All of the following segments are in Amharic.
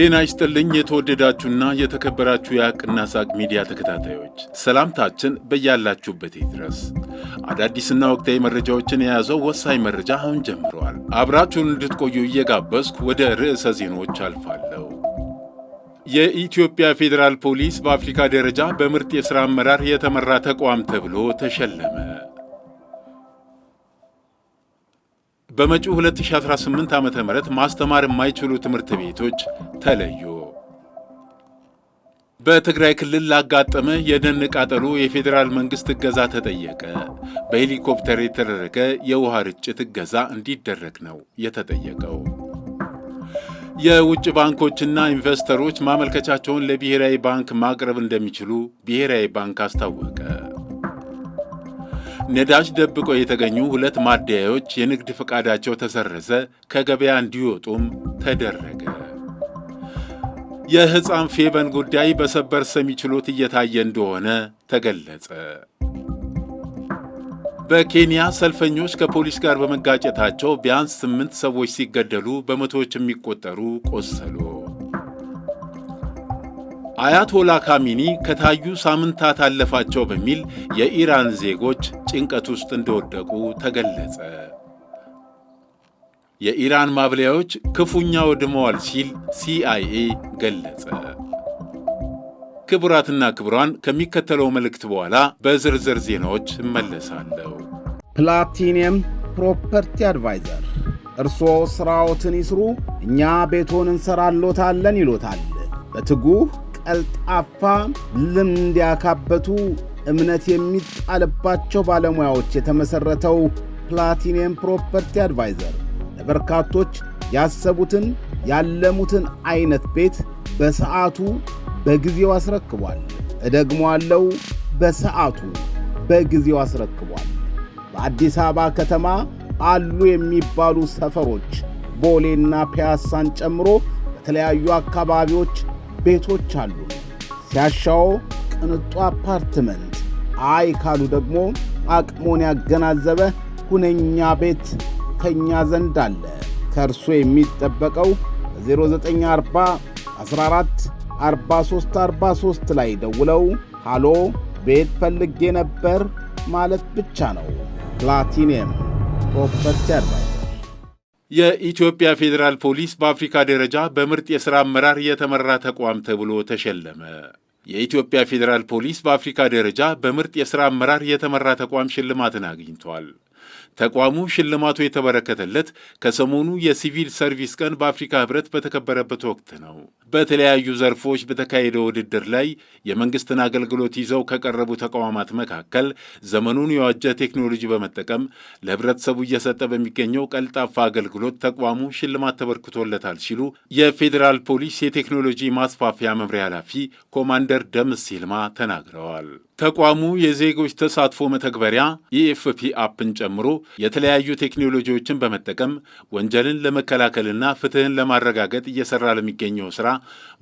ጤና ይስጥልኝ የተወደዳችሁና የተከበራችሁ የአቅና ሳቅ ሚዲያ ተከታታዮች፣ ሰላምታችን በያላችሁበት ድረስ። አዳዲስና ወቅታዊ መረጃዎችን የያዘው ወሳኝ መረጃ አሁን ጀምረዋል። አብራችሁን እንድትቆዩ እየጋበዝኩ ወደ ርዕሰ ዜናዎች አልፋለሁ። የኢትዮጵያ ፌዴራል ፖሊስ በአፍሪካ ደረጃ በምርጥ የሥራ አመራር የተመራ ተቋም ተብሎ ተሸለመ። በመጪው 2018 ዓ ም ማስተማር የማይችሉ ትምህርት ቤቶች ተለዩ። በትግራይ ክልል ላጋጠመ የደን ቃጠሎ የፌዴራል መንግሥት እገዛ ተጠየቀ። በሄሊኮፕተር የተደረገ የውሃ ርጭት እገዛ እንዲደረግ ነው የተጠየቀው። የውጭ ባንኮችና ኢንቨስተሮች ማመልከቻቸውን ለብሔራዊ ባንክ ማቅረብ እንደሚችሉ ብሔራዊ ባንክ አስታወቀ። ነዳጅ ደብቀው የተገኙ ሁለት ማደያዎች የንግድ ፈቃዳቸው ተሰረዘ፣ ከገበያ እንዲወጡም ተደረገ። የሕፃን ፌበን ጉዳይ በሰበር ሰሚ ችሎት እየታየ እንደሆነ ተገለጸ። በኬንያ ሰልፈኞች ከፖሊስ ጋር በመጋጨታቸው ቢያንስ ስምንት ሰዎች ሲገደሉ በመቶዎች የሚቆጠሩ ቆሰሉ። አያቶላ ካሚኒ ከታዩ ሳምንታት አለፋቸው በሚል የኢራን ዜጎች ጭንቀት ውስጥ እንደወደቁ ተገለጸ። የኢራን ማብለያዎች ክፉኛ ወድመዋል ሲል ሲአይኤ ገለጸ። ክቡራትና ክቡራን ከሚከተለው መልእክት በኋላ በዝርዝር ዜናዎች እመለሳለሁ። ፕላቲኒየም ፕሮፐርቲ አድቫይዘር እርስዎ ሥራዎትን ይስሩ፣ እኛ ቤቶን እንሰራሎታለን ይሎታል። በትጉህ ቀልጣፋ ልምድ ያካበቱ እምነት የሚጣልባቸው ባለሙያዎች የተመሠረተው ፕላቲኒየም ፕሮፐርቲ አድቫይዘር ለበርካቶች ያሰቡትን ያለሙትን አይነት ቤት በሰዓቱ በጊዜው አስረክቧል። እደግሞ አለው በሰዓቱ በጊዜው አስረክቧል። በአዲስ አበባ ከተማ አሉ የሚባሉ ሰፈሮች ቦሌና ፒያሳን ጨምሮ በተለያዩ አካባቢዎች ቤቶች አሉ። ሲያሻው ቅንጡ አፓርትመንት፣ አይ ካሉ ደግሞ አቅሞን ያገናዘበ ሁነኛ ቤት ከኛ ዘንድ አለ። ከእርሶ የሚጠበቀው በ0940 14 ላይ ደውለው ሃሎ ቤት ፈልጌ ነበር ማለት ብቻ ነው። ፕላቲኒየም ፕሮፐርቲ አድቫይዘር የኢትዮጵያ ፌዴራል ፖሊስ በአፍሪካ ደረጃ በምርጥ የሥራ አመራር የተመራ ተቋም ተብሎ ተሸለመ። የኢትዮጵያ ፌዴራል ፖሊስ በአፍሪካ ደረጃ በምርጥ የሥራ አመራር የተመራ ተቋም ሽልማትን አግኝቷል። ተቋሙ ሽልማቱ የተበረከተለት ከሰሞኑ የሲቪል ሰርቪስ ቀን በአፍሪካ ህብረት በተከበረበት ወቅት ነው። በተለያዩ ዘርፎች በተካሄደው ውድድር ላይ የመንግስትን አገልግሎት ይዘው ከቀረቡ ተቋማት መካከል ዘመኑን የዋጀ ቴክኖሎጂ በመጠቀም ለህብረተሰቡ እየሰጠ በሚገኘው ቀልጣፋ አገልግሎት ተቋሙ ሽልማት ተበርክቶለታል ሲሉ የፌዴራል ፖሊስ የቴክኖሎጂ ማስፋፊያ መምሪያ ኃላፊ ኮማንደር ደምስ ሲልማ ተናግረዋል። ተቋሙ የዜጎች ተሳትፎ መተግበሪያ ኢኤፍፒ e አፕን ጨምሮ የተለያዩ ቴክኖሎጂዎችን በመጠቀም ወንጀልን ለመከላከልና ፍትህን ለማረጋገጥ እየሰራ ለሚገኘው ስራ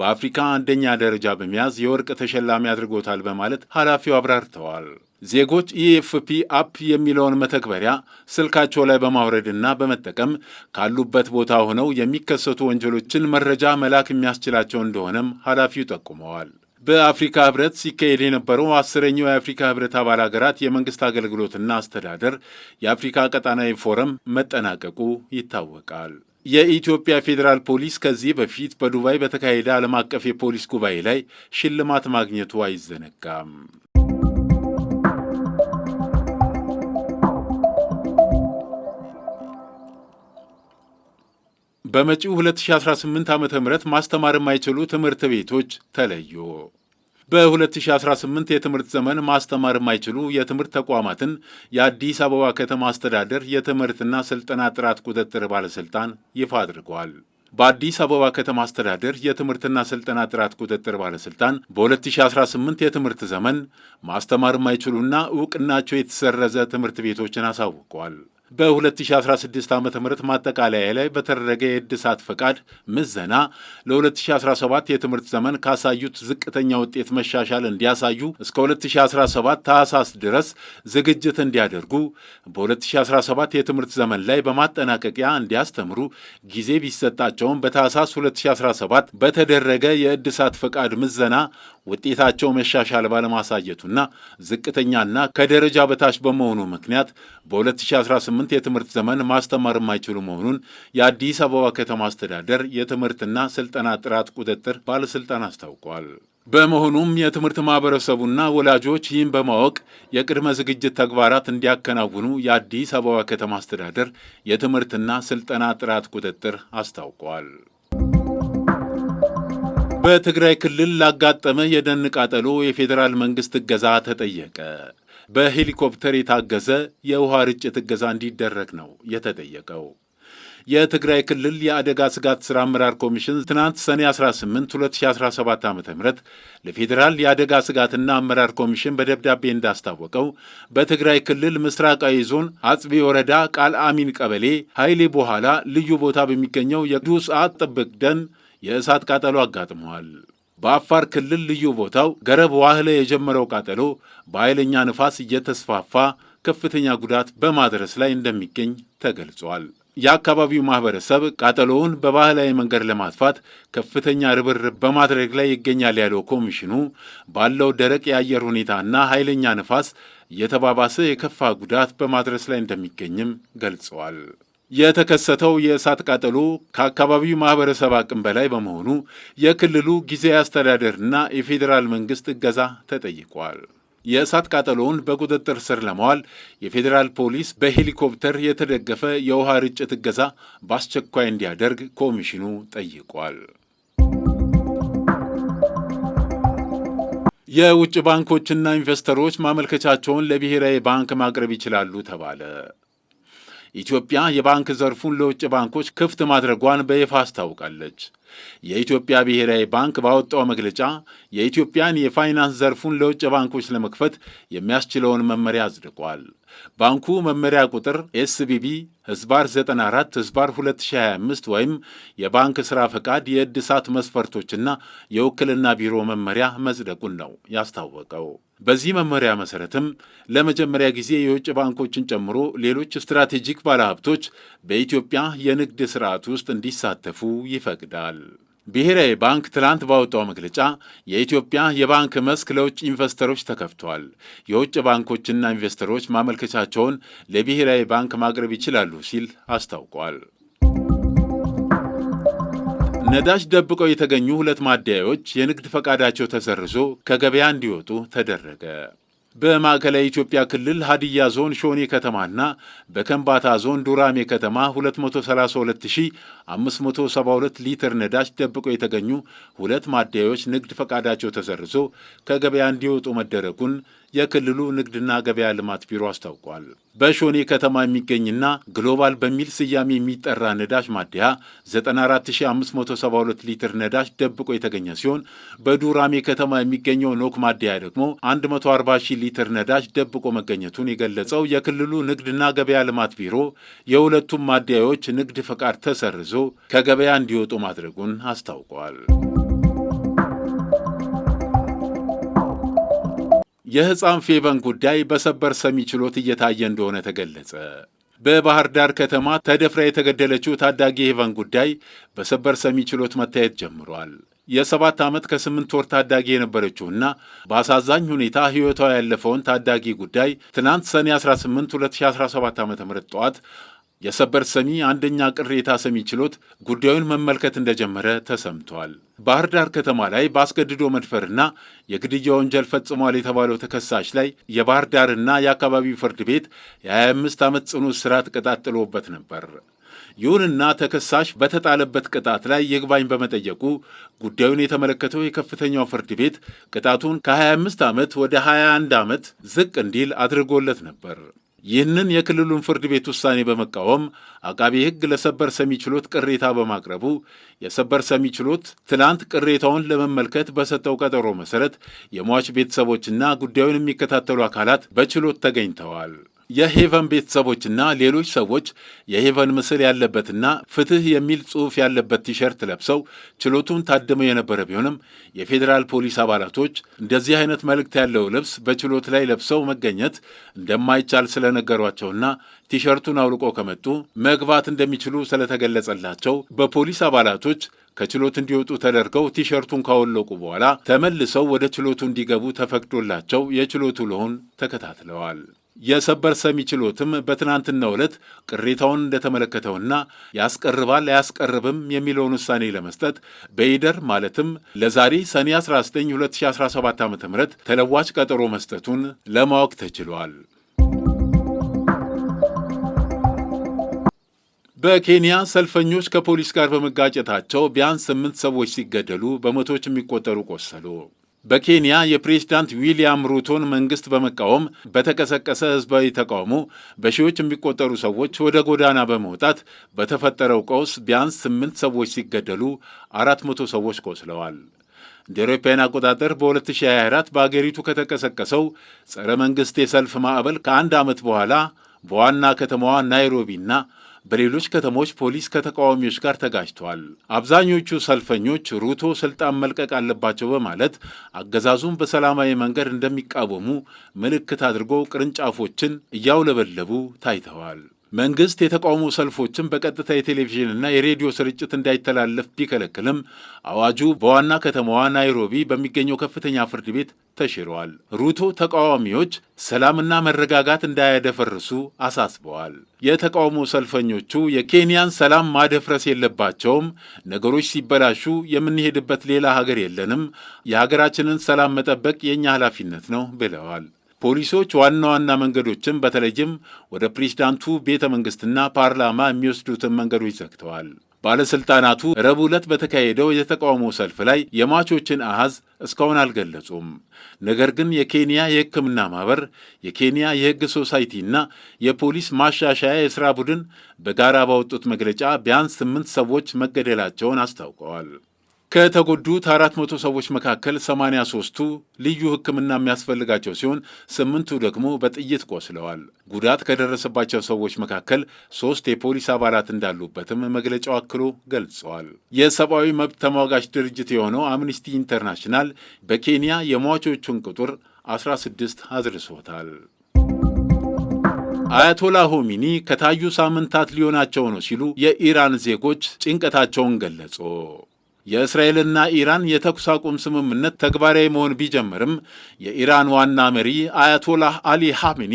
በአፍሪካ አንደኛ ደረጃ በመያዝ የወርቅ ተሸላሚ አድርጎታል በማለት ኃላፊው አብራርተዋል። ዜጎች ኢኤፍፒ e አፕ የሚለውን መተግበሪያ ስልካቸው ላይ በማውረድና በመጠቀም ካሉበት ቦታ ሆነው የሚከሰቱ ወንጀሎችን መረጃ መላክ የሚያስችላቸው እንደሆነም ኃላፊው ጠቁመዋል። በአፍሪካ ህብረት ሲካሄድ የነበረው አስረኛው የአፍሪካ ህብረት አባል ሀገራት የመንግስት አገልግሎትና አስተዳደር የአፍሪካ ቀጣናዊ ፎረም መጠናቀቁ ይታወቃል። የኢትዮጵያ ፌዴራል ፖሊስ ከዚህ በፊት በዱባይ በተካሄደ ዓለም አቀፍ የፖሊስ ጉባኤ ላይ ሽልማት ማግኘቱ አይዘነጋም። በመጪው 2018 ዓ ም ማስተማር የማይችሉ ትምህርት ቤቶች ተለዩ። በ2018 የትምህርት ዘመን ማስተማር የማይችሉ የትምህርት ተቋማትን የአዲስ አበባ ከተማ አስተዳደር የትምህርትና ስልጠና ጥራት ቁጥጥር ባለሥልጣን ይፋ አድርጓል። በአዲስ አበባ ከተማ አስተዳደር የትምህርትና ስልጠና ጥራት ቁጥጥር ባለሥልጣን በ2018 የትምህርት ዘመን ማስተማር የማይችሉና እውቅናቸው የተሰረዘ ትምህርት ቤቶችን አሳውቋል። በ2016 ዓ ም ማጠቃለያ ላይ በተደረገ የእድሳት ፈቃድ ምዘና ለ2017 የትምህርት ዘመን ካሳዩት ዝቅተኛ ውጤት መሻሻል እንዲያሳዩ እስከ 2017 ታህሳስ ድረስ ዝግጅት እንዲያደርጉ በ2017 የትምህርት ዘመን ላይ በማጠናቀቂያ እንዲያስተምሩ ጊዜ ቢሰጣቸውም በታህሳስ 2017 በተደረገ የእድሳት ፈቃድ ምዘና ውጤታቸው መሻሻል ባለማሳየቱና ዝቅተኛና ከደረጃ በታች በመሆኑ ምክንያት በ2018 የትምህርት ዘመን ማስተማር የማይችሉ መሆኑን የአዲስ አበባ ከተማ አስተዳደር የትምህርትና ስልጠና ጥራት ቁጥጥር ባለስልጣን አስታውቋል። በመሆኑም የትምህርት ማህበረሰቡና ወላጆች ይህን በማወቅ የቅድመ ዝግጅት ተግባራት እንዲያከናውኑ የአዲስ አበባ ከተማ አስተዳደር የትምህርትና ስልጠና ጥራት ቁጥጥር አስታውቋል። በትግራይ ክልል ላጋጠመ የደን ቃጠሎ የፌዴራል መንግስት እገዛ ተጠየቀ። በሄሊኮፕተር የታገዘ የውሃ ርጭት እገዛ እንዲደረግ ነው የተጠየቀው። የትግራይ ክልል የአደጋ ስጋት ሥራ አመራር ኮሚሽን ትናንት ሰኔ 18 2017 ዓ ም ለፌዴራል የአደጋ ስጋትና አመራር ኮሚሽን በደብዳቤ እንዳስታወቀው በትግራይ ክልል ምስራቃዊ ዞን አጽቢ ወረዳ ቃል አሚን ቀበሌ ኃይሌ በኋላ ልዩ ቦታ በሚገኘው የዱስአ ጥብቅ ደን የእሳት ቃጠሎ አጋጥመዋል። በአፋር ክልል ልዩ ቦታው ገረብ ዋህለ የጀመረው ቃጠሎ በኃይለኛ ንፋስ እየተስፋፋ ከፍተኛ ጉዳት በማድረስ ላይ እንደሚገኝ ተገልጿል። የአካባቢው ማህበረሰብ ቃጠሎውን በባህላዊ መንገድ ለማጥፋት ከፍተኛ ርብርብ በማድረግ ላይ ይገኛል ያለው ኮሚሽኑ ባለው ደረቅ የአየር ሁኔታና ኃይለኛ ንፋስ እየተባባሰ የከፋ ጉዳት በማድረስ ላይ እንደሚገኝም ገልጸዋል። የተከሰተው የእሳት ቃጠሎ ከአካባቢው ማህበረሰብ አቅም በላይ በመሆኑ የክልሉ ጊዜያዊ አስተዳደርና የፌዴራል መንግስት እገዛ ተጠይቋል። የእሳት ቃጠሎውን በቁጥጥር ስር ለመዋል የፌዴራል ፖሊስ በሄሊኮፕተር የተደገፈ የውሃ ርጭት እገዛ በአስቸኳይ እንዲያደርግ ኮሚሽኑ ጠይቋል። የውጭ ባንኮችና ኢንቨስተሮች ማመልከቻቸውን ለብሔራዊ ባንክ ማቅረብ ይችላሉ ተባለ። ኢትዮጵያ የባንክ ዘርፉን ለውጭ ባንኮች ክፍት ማድረጓን በይፋ አስታውቃለች። የኢትዮጵያ ብሔራዊ ባንክ ባወጣው መግለጫ የኢትዮጵያን የፋይናንስ ዘርፉን ለውጭ ባንኮች ለመክፈት የሚያስችለውን መመሪያ አጽድቋል። ባንኩ መመሪያ ቁጥር ኤስቢቢ ህዝባር 94 ህዝባር 2025 ወይም የባንክ ሥራ ፈቃድ የእድሳት መስፈርቶችና የውክልና ቢሮ መመሪያ መጽደቁን ነው ያስታወቀው። በዚህ መመሪያ መሠረትም ለመጀመሪያ ጊዜ የውጭ ባንኮችን ጨምሮ ሌሎች ስትራቴጂክ ባለሀብቶች በኢትዮጵያ የንግድ ሥርዓት ውስጥ እንዲሳተፉ ይፈቅዳል። ብሔራዊ ባንክ ትላንት ባወጣው መግለጫ የኢትዮጵያ የባንክ መስክ ለውጭ ኢንቨስተሮች ተከፍቷል። የውጭ ባንኮችና ኢንቨስተሮች ማመልከቻቸውን ለብሔራዊ ባንክ ማቅረብ ይችላሉ ሲል አስታውቋል። ነዳጅ ደብቀው የተገኙ ሁለት ማደያዎች የንግድ ፈቃዳቸው ተሰርዞ ከገበያ እንዲወጡ ተደረገ። በማዕከላዊ ኢትዮጵያ ክልል ሀዲያ ዞን ሾኔ ከተማና በከንባታ ዞን ዱራሜ ከተማ 232572 ሊትር ነዳጅ ደብቆ የተገኙ ሁለት ማደያዎች ንግድ ፈቃዳቸው ተሰርዞ ከገበያ እንዲወጡ መደረጉን የክልሉ ንግድና ገበያ ልማት ቢሮ አስታውቋል። በሾኔ ከተማ የሚገኝና ግሎባል በሚል ስያሜ የሚጠራ ነዳጅ ማደያ 94572 ሊትር ነዳጅ ደብቆ የተገኘ ሲሆን በዱራሜ ከተማ የሚገኘው ኖክ ማደያ ደግሞ 140 ሊትር ነዳጅ ደብቆ መገኘቱን የገለጸው የክልሉ ንግድና ገበያ ልማት ቢሮ የሁለቱም ማደያዎች ንግድ ፈቃድ ተሰርዞ ከገበያ እንዲወጡ ማድረጉን አስታውቋል። የሕፃን ፌቨን ጉዳይ በሰበር ሰሚ ችሎት እየታየ እንደሆነ ተገለጸ። በባህር ዳር ከተማ ተደፍራ የተገደለችው ታዳጊ ሄቨን ጉዳይ በሰበር ሰሚ ችሎት መታየት ጀምሯል። የሰባት ዓመት ከስምንት ወር ታዳጊ የነበረችውና በአሳዛኝ ሁኔታ ሕይወቷ ያለፈውን ታዳጊ ጉዳይ ትናንት ሰኔ 18 2017 ዓ ም ጠዋት የሰበር ሰሚ አንደኛ ቅሬታ ሰሚ ችሎት ጉዳዩን መመልከት እንደጀመረ ተሰምቷል። ባህር ዳር ከተማ ላይ በአስገድዶ መድፈርና የግድያ ወንጀል ፈጽሟል የተባለው ተከሳሽ ላይ የባህር ዳርና የአካባቢው ፍርድ ቤት የ25 ዓመት ጽኑ እስራት ቅጣት ጥሎበት ነበር። ይሁንና ተከሳሽ በተጣለበት ቅጣት ላይ ይግባኝ በመጠየቁ ጉዳዩን የተመለከተው የከፍተኛው ፍርድ ቤት ቅጣቱን ከ25 ዓመት ወደ 21 ዓመት ዝቅ እንዲል አድርጎለት ነበር። ይህንን የክልሉን ፍርድ ቤት ውሳኔ በመቃወም አቃቤ ሕግ ለሰበር ሰሚ ችሎት ቅሬታ በማቅረቡ የሰበር ሰሚ ችሎት ትናንት ቅሬታውን ለመመልከት በሰጠው ቀጠሮ መሰረት የሟች ቤተሰቦችና ጉዳዩን የሚከታተሉ አካላት በችሎት ተገኝተዋል። የሄቨን ቤተሰቦችና ሌሎች ሰዎች የሄቨን ምስል ያለበትና ፍትህ የሚል ጽሑፍ ያለበት ቲሸርት ለብሰው ችሎቱን ታድመው የነበረ ቢሆንም የፌዴራል ፖሊስ አባላቶች እንደዚህ አይነት መልእክት ያለው ልብስ በችሎት ላይ ለብሰው መገኘት እንደማይቻል ስለነገሯቸውና ቲሸርቱን አውልቆ ከመጡ መግባት እንደሚችሉ ስለተገለጸላቸው በፖሊስ አባላቶች ከችሎት እንዲወጡ ተደርገው ቲሸርቱን ካወለቁ በኋላ ተመልሰው ወደ ችሎቱ እንዲገቡ ተፈቅዶላቸው የችሎቱ ውሎውን ተከታትለዋል። የሰበር ሰሚ ችሎትም በትናንትናው ዕለት ቅሬታውን እንደተመለከተውና ያስቀርባል አያስቀርብም የሚለውን ውሳኔ ለመስጠት በኢደር ማለትም ለዛሬ ሰኔ 19 2017 ዓ ም ተለዋጭ ቀጠሮ መስጠቱን ለማወቅ ተችሏል። በኬንያ ሰልፈኞች ከፖሊስ ጋር በመጋጨታቸው ቢያንስ ስምንት ሰዎች ሲገደሉ በመቶዎች የሚቆጠሩ ቆሰሉ። በኬንያ የፕሬዝዳንት ዊልያም ሩቶን መንግስት በመቃወም በተቀሰቀሰ ህዝባዊ ተቃውሞ በሺዎች የሚቆጠሩ ሰዎች ወደ ጎዳና በመውጣት በተፈጠረው ቀውስ ቢያንስ ስምንት ሰዎች ሲገደሉ አራት መቶ ሰዎች ቆስለዋል። እንደ አውሮፓውያን አቆጣጠር በ2024 በአገሪቱ ከተቀሰቀሰው ጸረ መንግሥት የሰልፍ ማዕበል ከአንድ ዓመት በኋላ በዋና ከተማዋ ናይሮቢና በሌሎች ከተሞች ፖሊስ ከተቃዋሚዎች ጋር ተጋጅተዋል። አብዛኞቹ ሰልፈኞች ሩቶ ስልጣን መልቀቅ አለባቸው በማለት አገዛዙን በሰላማዊ መንገድ እንደሚቃወሙ ምልክት አድርጎ ቅርንጫፎችን እያውለበለቡ ታይተዋል። መንግስት የተቃውሞ ሰልፎችን በቀጥታ የቴሌቪዥንና የሬዲዮ ስርጭት እንዳይተላለፍ ቢከለክልም አዋጁ በዋና ከተማዋ ናይሮቢ በሚገኘው ከፍተኛ ፍርድ ቤት ተሽሯል። ሩቶ ተቃዋሚዎች ሰላምና መረጋጋት እንዳያደፈርሱ አሳስበዋል። የተቃውሞ ሰልፈኞቹ የኬንያን ሰላም ማደፍረስ የለባቸውም፣ ነገሮች ሲበላሹ የምንሄድበት ሌላ ሀገር የለንም፣ የሀገራችንን ሰላም መጠበቅ የእኛ ኃላፊነት ነው ብለዋል። ፖሊሶች ዋና ዋና መንገዶችን በተለይም ወደ ፕሬዚዳንቱ ቤተ መንግስትና ፓርላማ የሚወስዱትን መንገዶች ዘግተዋል። ባለሥልጣናቱ ረቡዕ ዕለት በተካሄደው የተቃውሞ ሰልፍ ላይ የሟቾችን አሃዝ እስካሁን አልገለጹም። ነገር ግን የኬንያ የሕክምና ማኅበር፣ የኬንያ የሕግ ሶሳይቲና የፖሊስ ማሻሻያ የሥራ ቡድን በጋራ ባወጡት መግለጫ ቢያንስ ስምንት ሰዎች መገደላቸውን አስታውቀዋል። ከተጎዱት 400 ሰዎች መካከል 83ቱ ልዩ ሕክምና የሚያስፈልጋቸው ሲሆን ስምንቱ ደግሞ በጥይት ቆስለዋል። ጉዳት ከደረሰባቸው ሰዎች መካከል ሶስት የፖሊስ አባላት እንዳሉበትም መግለጫው አክሎ ገልጸዋል። የሰብአዊ መብት ተሟጋች ድርጅት የሆነው አምኒስቲ ኢንተርናሽናል በኬንያ የሟቾቹን ቁጥር 16 አድርሶታል። አያቶላ ሆሚኒ ከታዩ ሳምንታት ሊሆናቸው ነው ሲሉ የኢራን ዜጎች ጭንቀታቸውን ገለጹ። የእስራኤልና ኢራን የተኩስ አቁም ስምምነት ተግባራዊ መሆን ቢጀምርም የኢራን ዋና መሪ አያቶላህ አሊ ሐሚኒ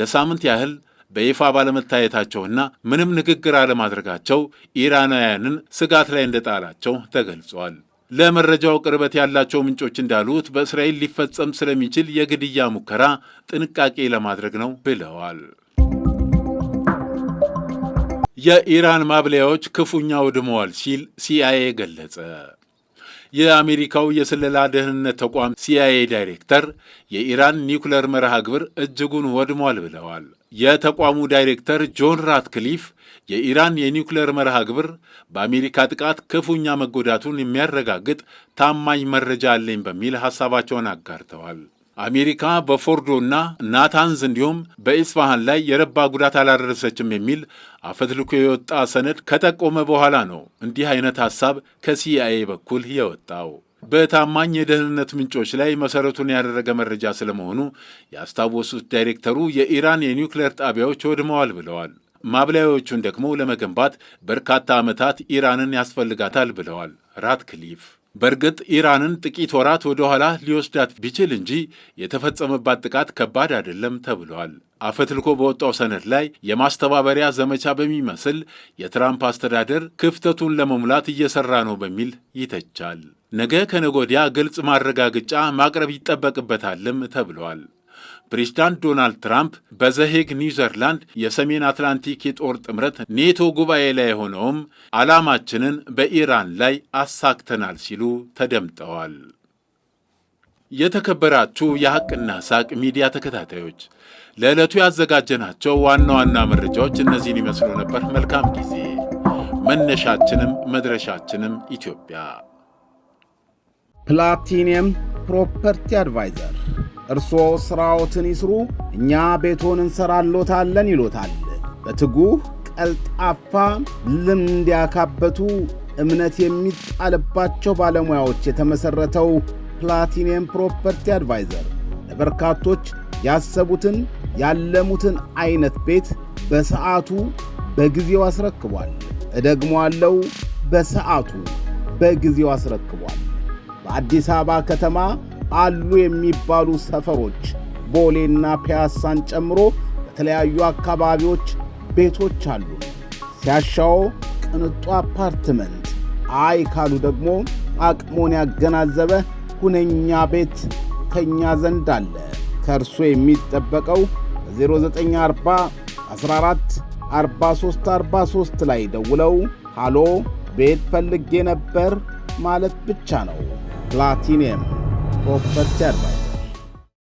ለሳምንት ያህል በይፋ ባለመታየታቸውና ምንም ንግግር አለማድረጋቸው ኢራናውያንን ስጋት ላይ እንደጣላቸው ተገልጿል። ለመረጃው ቅርበት ያላቸው ምንጮች እንዳሉት በእስራኤል ሊፈጸም ስለሚችል የግድያ ሙከራ ጥንቃቄ ለማድረግ ነው ብለዋል። የኢራን ማብለያዎች ክፉኛ ወድመዋል ሲል ሲአይኤ ገለጸ። የአሜሪካው የስለላ ደህንነት ተቋም ሲአይኤ ዳይሬክተር የኢራን ኒውክለር መርሃ ግብር እጅጉን ወድሟል ብለዋል። የተቋሙ ዳይሬክተር ጆን ራትክሊፍ የኢራን የኒውክለር መርሃ ግብር በአሜሪካ ጥቃት ክፉኛ መጎዳቱን የሚያረጋግጥ ታማኝ መረጃ አለኝ በሚል ሐሳባቸውን አጋርተዋል። አሜሪካ በፎርዶ ናታንዝ እንዲሁም በኢስፋሃን ላይ የረባ ጉዳት አላደረሰችም የሚል አፈትልኮ የወጣ ሰነድ ከጠቆመ በኋላ ነው እንዲህ አይነት ሀሳብ ከሲአይኤ በኩል የወጣው። በታማኝ የደህንነት ምንጮች ላይ መሰረቱን ያደረገ መረጃ ስለመሆኑ ያስታወሱት ዳይሬክተሩ የኢራን የኒውክሌር ጣቢያዎች ወድመዋል ብለዋል። ማብላያዎቹን ደግሞ ለመገንባት በርካታ ዓመታት ኢራንን ያስፈልጋታል ብለዋል ራትክሊፍ። በእርግጥ ኢራንን ጥቂት ወራት ወደ ኋላ ሊወስዳት ቢችል እንጂ የተፈጸመባት ጥቃት ከባድ አይደለም ተብሏል። አፈትልኮ በወጣው ሰነድ ላይ የማስተባበሪያ ዘመቻ በሚመስል የትራምፕ አስተዳደር ክፍተቱን ለመሙላት እየሰራ ነው በሚል ይተቻል። ነገ ከነጎዲያ ግልጽ ማረጋገጫ ማቅረብ ይጠበቅበታልም ተብሏል። ፕሬዚዳንት ዶናልድ ትራምፕ በዘሄግ ኒውዘርላንድ የሰሜን አትላንቲክ የጦር ጥምረት ኔቶ ጉባኤ ላይ ሆነውም ዓላማችንን በኢራን ላይ አሳክተናል ሲሉ ተደምጠዋል። የተከበራችሁ የሐቅና ሳቅ ሚዲያ ተከታታዮች ለዕለቱ ያዘጋጀናቸው ዋና ዋና መረጃዎች እነዚህን ይመስሉ ነበር። መልካም ጊዜ። መነሻችንም መድረሻችንም ኢትዮጵያ። ፕላቲኒየም ፕሮፐርቲ አድቫይዘር እርሶ ሥራዎትን ይስሩ፣ እኛ ቤቶን እንሰራሎታለን ይሎታል። በትጉህ ቀልጣፋ፣ ልምድ ያካበቱ፣ እምነት የሚጣልባቸው ባለሙያዎች የተመሠረተው ፕላቲኒየም ፕሮፐርቲ አድቫይዘር ለበርካቶች ያሰቡትን ያለሙትን አይነት ቤት በሰዓቱ በጊዜው አስረክቧል። እደግሟለው፣ በሰዓቱ በጊዜው አስረክቧል። በአዲስ አበባ ከተማ አሉ የሚባሉ ሰፈሮች ቦሌና ፒያሳን ጨምሮ በተለያዩ አካባቢዎች ቤቶች አሉ። ሲያሻው ቅንጡ አፓርትመንት፣ አይ ካሉ ደግሞ አቅሞን ያገናዘበ ሁነኛ ቤት ከኛ ዘንድ አለ። ከእርሶ የሚጠበቀው በ0940 14 ላይ ደውለው ሃሎ ቤት ፈልጌ ነበር ማለት ብቻ ነው። ፕላቲኒየም ઓફ પ્રચારભાઈ